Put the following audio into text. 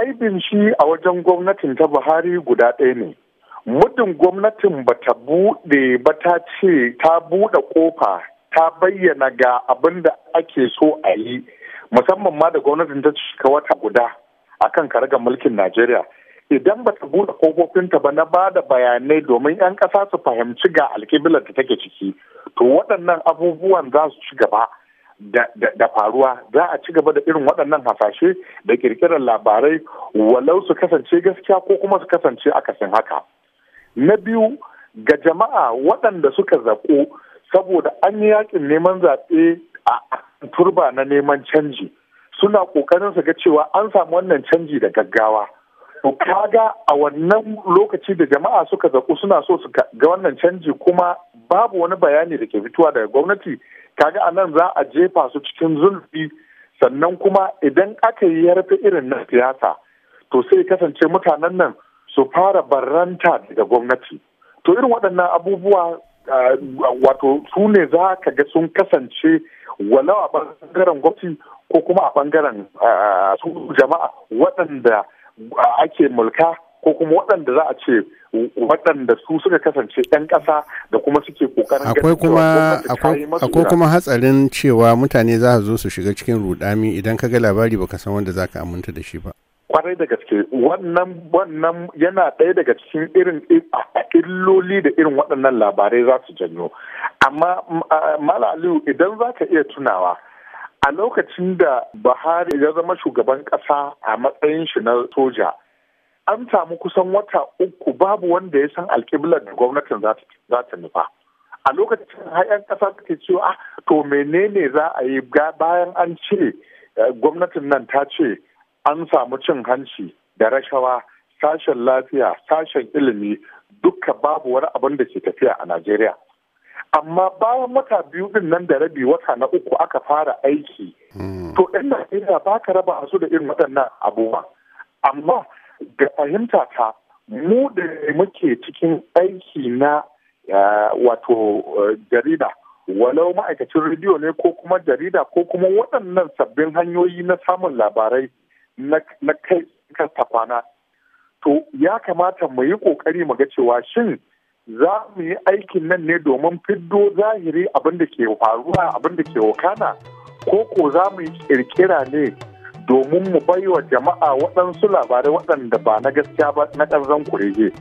aibin shi a wajen gwamnatin ta buhari guda ɗaya ne muddin gwamnatin ba ta buɗe ba ta ce ta buɗe ƙofa ta bayyana ga abin da ake so a yi musamman ma da gwamnatin ta cika wata guda a kan karagar mulkin najeriya idan ba ta buɗe ƙofofinta ba na ba da bayanai domin 'yan ƙasa su fahimci ga alƙiblar da take ciki to waɗannan abubuwan za su ci gaba da faruwa za a ci gaba da irin waɗannan hasashe da ƙirƙirar labarai walau su kasance gaskiya ko kuma su kasance akasin haka. Na biyu ga jama'a waɗanda suka zaƙo saboda an yi yaƙin neman zaɓe a turba na neman canji suna ƙoƙarin su ga cewa an samu wannan canji da gaggawa. To kaga a wannan lokaci da jama'a suka zaƙo suna so su ga wannan canji kuma babu wani bayani da ke fitowa daga gwamnati kaga a nan za a jefa su cikin zulfi sannan kuma idan aka yi yarfe irin na siyasa to sai kasance mutanen nan su fara barranta daga gwamnati to irin waɗannan abubuwa ah, wato su ne za ka ga sun kasance walau a ɓangaren gwamnati ko kuma a ɓangaren ah, su jama'a waɗanda ah, ake mulka ko kuma waɗanda za a ce waɗanda su suka kasance 'yan ƙasa da kuma suke ƙoƙarin akwai kuma akwai kuma hatsarin cewa mutane za su zo su shiga cikin rudami idan ka ga labari baka san wanda ka aminta da shi ba kwarai da gaske wannan wannan yana ɗaya daga cikin irin illoli da irin waɗannan labarai za su janyo amma mala aliyu idan za ka iya tunawa a lokacin da buhari ya zama shugaban ƙasa a matsayin shi na soja an samu kusan wata uku babu wanda ya san alƙiblar da gwamnatin za ta nufa a lokacin hayan ƙasa take cewa ah, to menene za a yi bayan an ce eh, gwamnatin nan ta ce an samu cin hanci da rashawa sashen lafiya sashen ilimi duka babu wani abin da ke tafiya a najeriya amma bayan wata biyu din nan da rabi wata na uku aka fara aiki hmm. to 'yan najeriya ba ka raba su da irin waɗannan abubuwa amma Ga fahimta ta mu da muke cikin aiki na wato eh, jarida walau ma'aikacin rediyo ne ko kuma jarida ko kuma waɗannan sabbin hanyoyi na samun labarai na kai kan kwana to ya kamata mu yi ƙoƙari mu ga cewa shin za mu yi aikin nan ne domin fiddo zahiri abin da ke faruwa abin da ke wakana ko ko za mu yi ƙirƙira ne domin mu bai wa jama'a waɗansu labarai waɗanda ba na gaskiya ba na ƙarzan kurege